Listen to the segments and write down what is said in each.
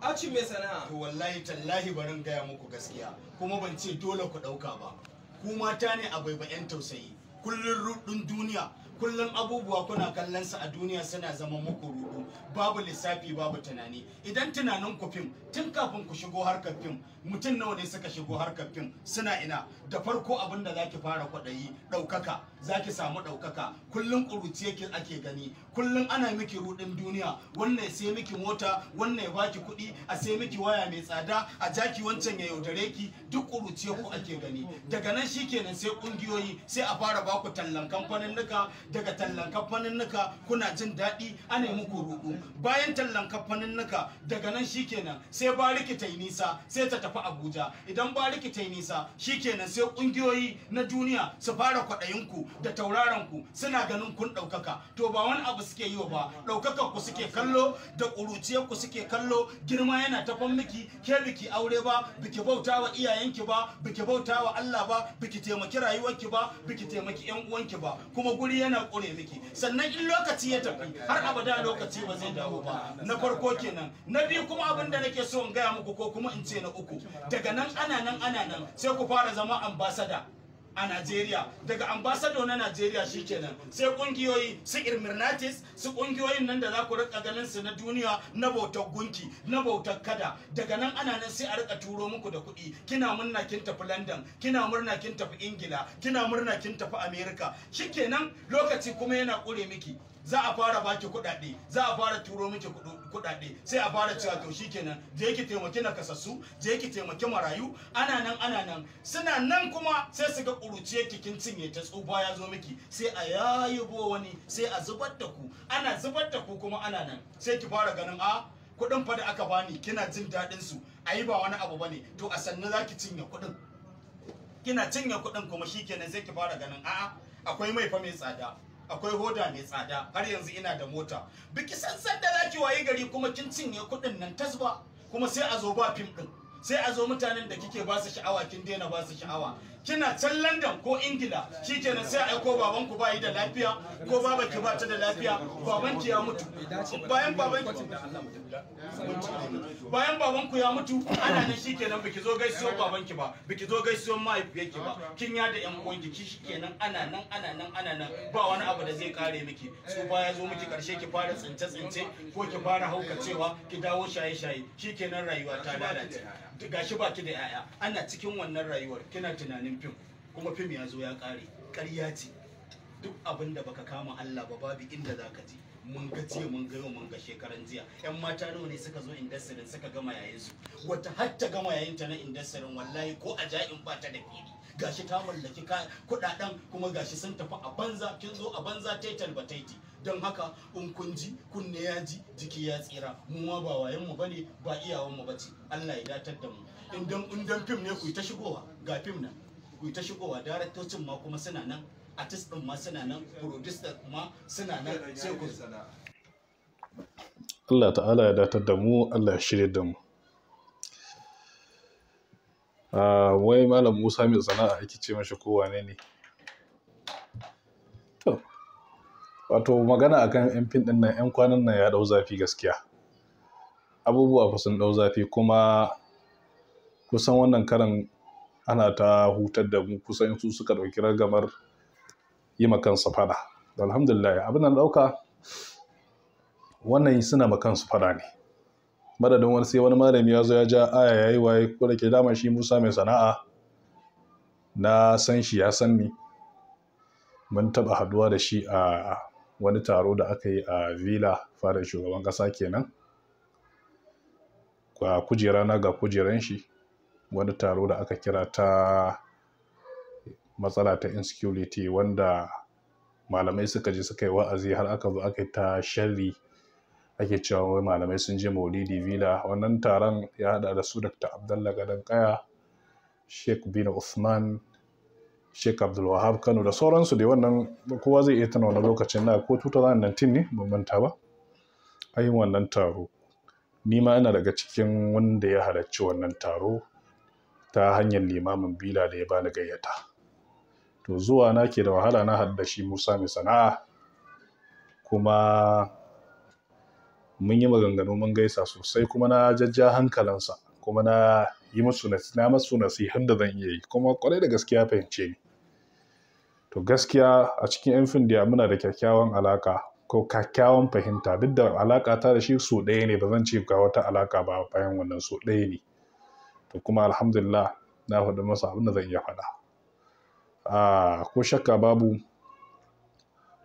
a ci mai sana'a to wallahi tallahi barin gaya muku gaskiya kuma ban ce dole ku ɗauka ba ku mata ne a yan tausayi kullun ruɗin duniya kullum abubuwa kuna kallon sa a duniya suna zama muku rudu babu lissafi babu tunani idan tunanin ku fim tun kafin ku shigo harkar fim mutum nawa ne suka shigo harkar fim suna ina da farko abin da zaki fara kwaɗayi ɗaukaka zaki samu ɗaukaka kullum ƙuruciye yake ake gani kullum ana miki rudin duniya wannan ya sai miki mota wannan ya baki kuɗi a sai miki waya mai tsada a jaki wancan ya yaudare ki duk ƙuruciye ku ake gani daga nan shikenan sai ƙungiyoyi sai a fara baku tallan kamfanin nuka daga tallan kamfaninnika kuna jin daɗi ana muku roƙo bayan tallan kamfaninnika daga nan shikenan sai bariki ta nisa sai ta tafi abuja idan bariki ta nisa shikenan sai ƙungiyoyi na duniya su fara ku da tauraron ku suna ganin kun ɗaukaka to ba wani abu suke yi ba ɗaukakar ku suke kallo da ƙuruciyar ku suke kallo girma yana tafan miki ke biki aure ba biki bauta wa iyayenki ba biki bauta wa Allah ba biki taimaki rayuwarki ba biki taimaki ƴan uwanki ba kuma guri yana ina kore miki sannan in lokaci ya tafi har abada lokaci ba zai dawo ba na farko kenan na biyu kuma abin da nake so in gaya muku ko kuma in ce na uku daga nan ana nan ana nan sai ku fara zama ambasada a Najeriya daga ambassador na Najeriya shikenan sai kungiyoyi su Irmirnatis su kungiyoyin nan da za ku rika ganin su na duniya na bautar gunki na bautar kada daga nan ana nan sai a rika turo muku da kuɗi kina murna kin tafi London kina murna kin tafi Ingila kina murna kin tafi America shikenan lokaci kuma yana kure miki za a fara baki kuɗaɗe za a fara turo miki kuɗaɗe sai a fara cewa to shikenan je ki taimaki nakasassu je ki taimaki marayu ana nan ana nan suna nan kuma sai su ga ƙuruciyar ki kin cinye ta tsufa ya zo miki sai a yayibo wani sai a zubar da ku ana zubar da ku kuma ana nan sai ki fara ganin a ah, kuɗin fa da aka bani kina jin daɗin su ayi ba wani abu bane to a sannu za ki cinye kuɗin kina cinye kuɗin kuma shikenan sai ki fara ganin a akwai mai fa mai tsada akwai hoda mai tsada har yanzu ina da mota biki san san da zaki waye gari kuma kin cinye kuɗin nan tasba kuma sai a zo ba fim din sai a zo mutanen da kike ba su sha'awa kin daina ba su sha'awa kina can London ko Ingila na sai a aiko baban ku bayi da lafiya ko baba ki ba ta da lafiya baban ki ya mutu bayan baban bayan baban ku ya mutu ana nan shikenan biki zo gaisuwar baban ki ba biki zo gaisuwar mahaifiyar ki ba kin ya da yan uwan ki shikenan ana nan ana nan ana nan ba wani abu da zai kare miki su baya zo miki karshe ki fara tsince tsince ko ki fara haukacewa ki dawo shaye shaye shikenan rayuwa ta lalace gashi baki da yaya ana cikin wannan rayuwar kina tunanin ganin fim kuma fim ya zo ya kare ƙarya ce duk abin da baka kama Allah ba babu inda za ka ji mun ga jiya mun ga yau mun ga shekaran jiya yan mata nawa ne suka zo indasirin suka gama yayin su wata har ta gama yayin ta na indasirin wallahi ko a ja'in ba ta da fili gashi ta mallaki kudaden kuma gashi sun tafi a banza kin zo a banza taitan ba taiti don haka in kun ji kunne ya ji jiki ya tsira mu ma ba wayan mu bane ba iyawan mu bace Allah ya datar da mu in dan in fim ne ku ta shigowa ga fim nan ku ta shigowa daraktocin ma kuma suna nan artist din ma suna nan producer ma suna nan sai ku Allah ta'ala ya datar da mu Allah ya shirya da mu ah, wai malam Musa mai sana'a ake ce mashi ko wane ne wato magana akan yan fin din nan yan kwanan nan ya dau zafi gaskiya abubuwa fa sun dau zafi kuma kusan wannan karan ana ta hutar da mu kusan su suka ɗauki ragamar yi kansa fada alhamdulillah abin da ɗauka wannan suna makansu fada ne madadin wani sai wani malami ya zo ya ja aya ya yi waye ko da ke dama shi musa mai sana'a na san shi ya san ni mun taɓa haduwa da shi a wani taro da aka yi a villa fadar shugaban ƙasa kenan ga kujera na ga kujeran shi wani taro da aka kira ta matsala ta insecurity wanda malamai suka je suka yi wa'azi har aka zo aka yi ta sharri ake cewa wai malamai sun je maulidi villa wannan taron ya hada da su dr Abdullahi gadon kaya sheikh bin usman sheikh abdulwahab kano da sauransu dai wannan kowa zai iya tana wani lokacin na ko 2019 ne ban manta ba a yi wannan taro ni ma ina daga cikin wanda ya halarci wannan taro ta hanyar limamin bila da ya bani gayyata to zuwa na ke da wahala na shi musa mai sana'a kuma mun yi maganganu mun gaisa sosai kuma na jajja hankalinsa kuma na yi masu na masu da zan iya yi kuma kwarai da gaskiya fahimce ni to gaskiya a cikin yan findiya muna da kyakkyawan alaka ko kyakkyawan fahimta duk da alaka ta da shi so ɗaya ne ba zan ce ga wata alaka ba bayan wannan so ɗaya ne to kuma alhamdulillah na faɗi masa abin da zan iya faɗa a ko shakka babu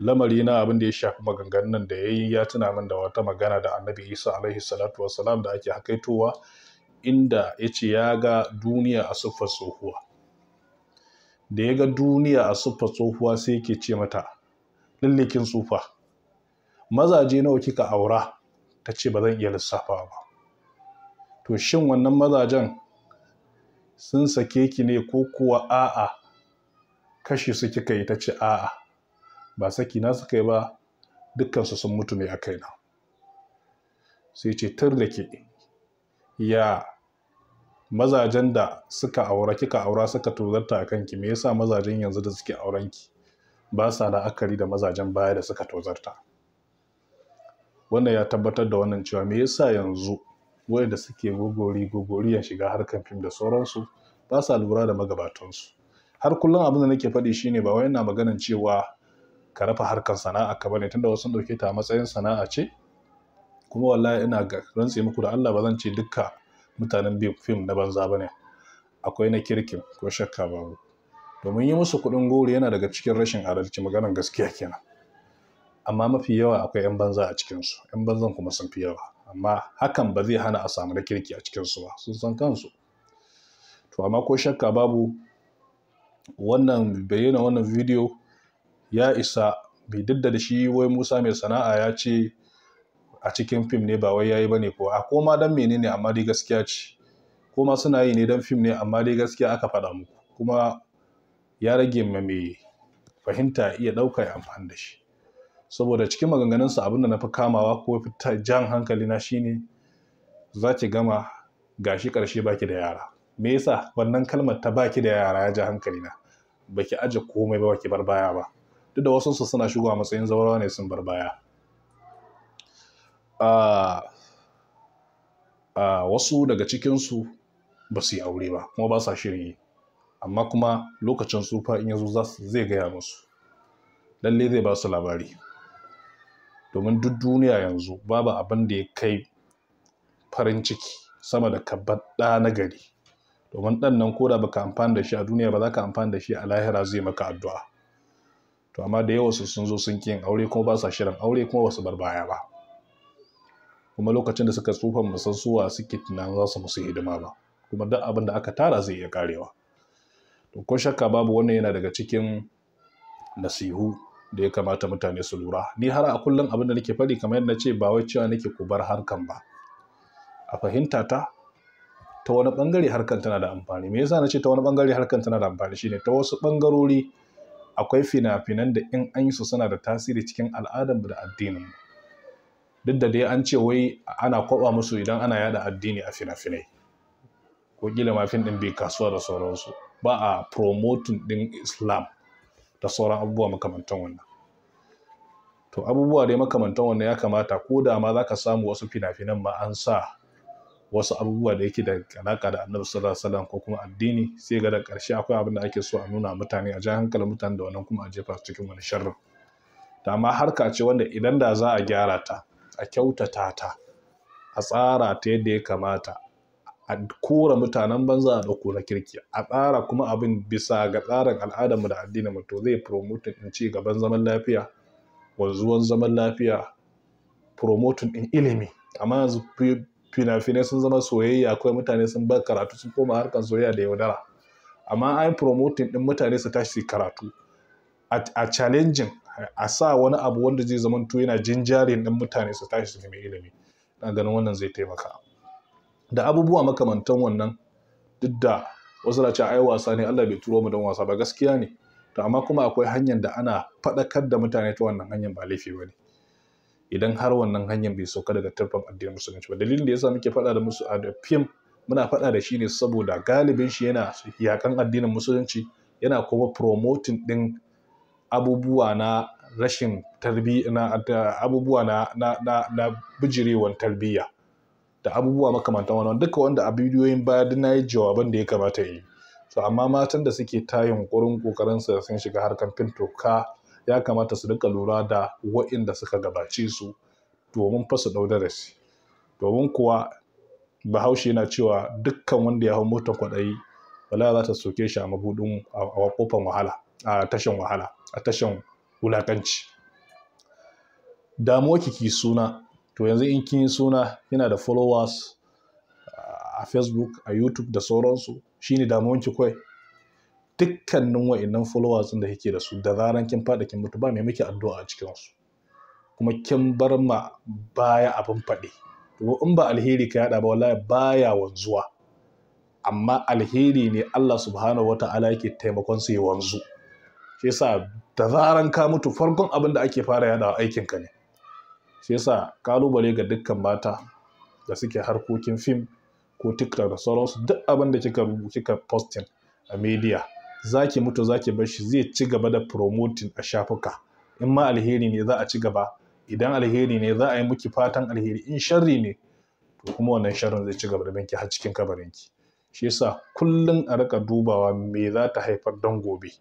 lamari na abin da ya shafi maganganun nan da ya yi ya tuna min da wata magana da annabi isa alaihi salatu wasalam da ake hakaitowa inda ya ce ya ga duniya a siffa tsohuwa da ya ga duniya a siffa tsohuwa sai yake ce mata lullukin tsufa mazaje nawa kika aura ta ce ba zan iya lissafa ba to shin wannan mazajen sun sake ki ne ko kuwa a'a kashe su kika yi ta ce a'a ba saki na suka yi ba dukkansu sun mutu ne a kaina sai ce tar da ya mazajen da suka aura kika aura suka tozarta a kanki me yasa mazajen yanzu da suke aurenki ba sa la'akari da mazajen baya da suka tozarta wannan ya tabbatar da wannan cewa me yasa yanzu waɗanda suke gogori gogori ya shiga harkar fim da sauransu ba sa lura da magabatansu har kullum abin da nake faɗi shine ba wai ina maganan cewa ka rafa harkar sana'a ka bane tunda wasu ɗauke ta matsayin sana'a ce kuma wallahi ina ga rantse muku da Allah ba zan ce dukka mutanen biyu fim na banza bane akwai na kirkin ko shakka babu domin yi musu kuɗin gori yana daga cikin rashin adalci maganar gaskiya kenan amma mafi yawa akwai 'yan banza a cikinsu 'yan banzan kuma sun fi yawa amma hakan ba zai hana a samu na kirki a cikinsu ba sun san kansu to amma ko shakka babu wannan bayyana wannan bidiyo ya isa bai didda da shi wai musa mai sana'a ya ce a cikin fim ne ba wai yayi bane ko a koma dan menene amma dai gaskiya ce koma suna yi ne dan fim ne amma dai gaskiya aka faɗa muku kuma ya rage ma mai fahimta iya ɗauka ya amfani da shi saboda cikin maganganunsa abinda na fi kamawa ko fi jan hankali na shine za ki gama gashi ƙarshe baki da yara me yasa wannan kalmar ta baki da yara ya ja hankali na baki aje komai ba baki bar baya ba duk da wasu suna shigowa matsayin zaurawa ne sun bar baya a ah, ah, wasu daga cikinsu ba su yi aure ba kuma ba sa shirin yi amma kuma lokacin tsufa in yazo zai gaya musu lalle zai ba su labari domin duk duniya yanzu babu abin da ya kai farin ciki sama da kabar ɗa na gari domin ɗan nan ko da baka amfani da shi a duniya ba za ka amfani da shi a lahira zai maka addu'a to amma da yawa su sun zo sun yin aure kuma ba sa shirin aure kuma ba su bar baya ba kuma lokacin da suka tsufa musan suwa suke tunanin za su musu hidima ba kuma duk abin da aka tara zai iya karewa to ko shakka babu wannan yana daga cikin nasihu da ya kamata mutane su lura ni har a kullum abin da nake fari kamar yadda ce ba wai cewa nake ku bar harkan ba a fahimta ta ta wani bangare harkan tana da amfani me yasa nace ta wani bangare harkan tana da amfani shine ta wasu bangarori akwai fina-finan da in an yi su suna da tasiri cikin al'adar da addinin duk da dai an ce wai ana kwaba musu idan ana yada addini a fina-finai ko gila ma fin din bai kasuwa da sauransu ba a promoting din islam da sauran abubuwa makamantan wannan to abubuwa dai makamantan wannan ya kamata ko da ma za ka samu wasu fina-finan ma an sa wasu abubuwa da yake da alaka da annabi sallallahu alaihi wasallam ko kuma addini sai ga da ƙarshe akwai abin da ake so a nuna mutane a ja hankalin mutane da wannan kuma a jefa su cikin wani sharrin to amma harka ce wanda idan da za a gyara ta a kyautata ta a tsara ta yadda ya kamata a kora mutanen banza a ɗauko na kirki a tsara kuma abin bisa ga tsarin al'adarmu da addinin mu to zai promote in ci gaban zaman lafiya wanzuwan zaman lafiya promoting in ilimi amma yanzu fina-finai sun zama soyayya akwai mutane sun bar karatu sun koma harkar soyayya da yaudara amma an promoting din mutane su tashi karatu a challenge a sa wani abu wanda zai zama to yana jinjarin din mutane su tashi su nemi ilimi na ganin wannan zai taimaka da abubuwa makamantan wannan duk da wasu na ce ai wasa ne Allah bai turo mu don wasa ba gaskiya ne to amma kuma akwai hanyar da ana faɗakar da mutane ta wannan hanyar ba laifi ba ne idan har wannan hanyar bai sauka daga tarfan addinin musulunci ba dalilin da yasa muke faɗa da musu a fim muna faɗa da shi ne saboda galibin shi yana yakan addinin musulunci yana kuma promoting ɗin abubuwa na rashin tarbiyya na abubuwa na na na, na bijirewan tarbiyya da abubuwa makamantan wannan duka wanda a bidiyoyin baya na nayi jawaban da ya kamata yi so amma matan da suke tayin yunkurin kokarin su sun shiga harkar toka ya kamata su rika lura da wa'inda suka gabace su domin fa su dau darasi domin kuwa bahaushe yana cewa dukkan wanda ya hau motar kwaɗayi wala za ta soke shi a mabudin a kofar wahala a tashan wahala a tashan wulakanci damuwa kiki suna to yanzu in kin suna yana da followers a facebook a youtube da sauransu shine damuwanki kawai dukkanin wa'annan followers da kike da su da zaran kin fada kin mutu ba mai miki addu'a a cikin su kuma kin bar ma baya abin faɗi to in ba alheri ka yada ba wallahi baya wanzuwa amma alheri ne Allah subhanahu wata'ala yake taimakon su yi wanzu shi yasa da zaran ka mutu farkon abin da ake fara yada aikin ka ne shi yasa kalubale ga dukkan mata da suke harkokin fim ko tiktok da sauransu duk abin da kika kika posting a media zaki mutu zaki bar shi zai ci gaba da promoting a shafuka in ma alheri ne za a ci gaba idan alheri ne za a yi miki fatan alheri in sharri ne to kuma wannan sharrin zai ci gaba da binki har cikin kabarinki shi yasa kullum a rika dubawa me za ta haifar dan gobe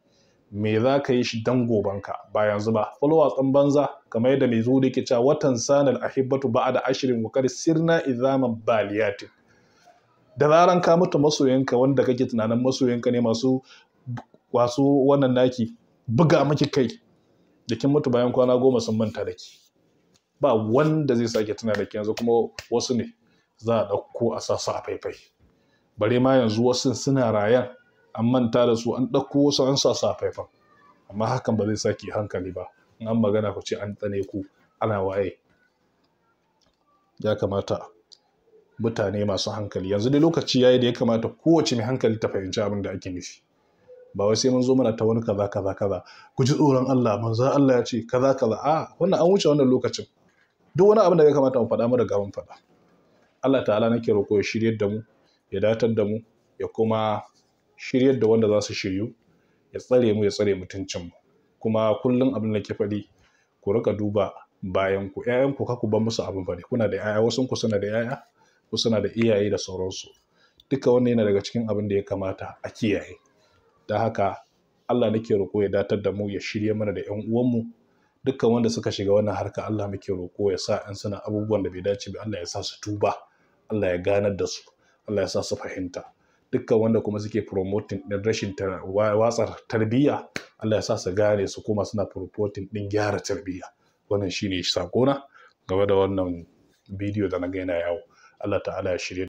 me za ka yi shi dan gobanka ba yanzu ba followers din banza kamar yadda mai zuwa yake cewa watan sanar ahibbatu da ashirin wa sirna izaman baliyatin da zaran ka mutu masoyinka wanda kake tunanin masoyinka ne masu wasu wannan naki buga miki kai da kin mutu bayan kwana goma sun manta da ki ba wanda zai sake tuna da ki yanzu kuma wasu ne za a ɗauko a sa a faifai bare ma yanzu wasu suna rayan an manta da su an ɗauko wasu an sa a faifan amma hakan ba zai sake hankali ba in an magana ku ce an tsane ku ana waye ya kamata mutane masu hankali yanzu dai lokaci yayi da ya kamata kowace mai hankali ta fahimci abin da ake nufi ba wai sai mun zo mana ta wani kaza kaza kaza ku ji tsoron Allah manzo Allah ya ce kaza kaza a wannan an wuce wannan lokacin duk wani abin da ya kamata mu faɗa mu daga mun faɗa Allah ta'ala nake roƙo ya shiryar da mu ya datar da mu ya kuma shiryar da wanda za su shiryu ya tsare mu ya tsare mutuncin mu kuma kullum abin da ke faɗi ku rika duba bayan ku ƴaƴan ku ka ku bar musu abin bane kuna da ƴaƴa wasu ku suna da ƴaƴa Wasu na da iyaye da sauransu duka wannan yana daga cikin abin da ya kamata a kiyaye da haka Allah nake roƙo ya datar da mu ya shirye mana da ƴan uwanmu dukkan wanda suka shiga wannan harka Allah muke roƙo ya sa an suna abubuwan da bai dace ba Allah ya sa su tuba Allah ya ganar da su Allah ya sa su fahimta dukkan wanda kuma suke promoting din rashin watsar tarbiyya Allah ya sa su gane su kuma suna promoting din gyara tarbiyya wannan shine sakona game da wannan bidiyo da na ga yana yawo الله تعالى يشري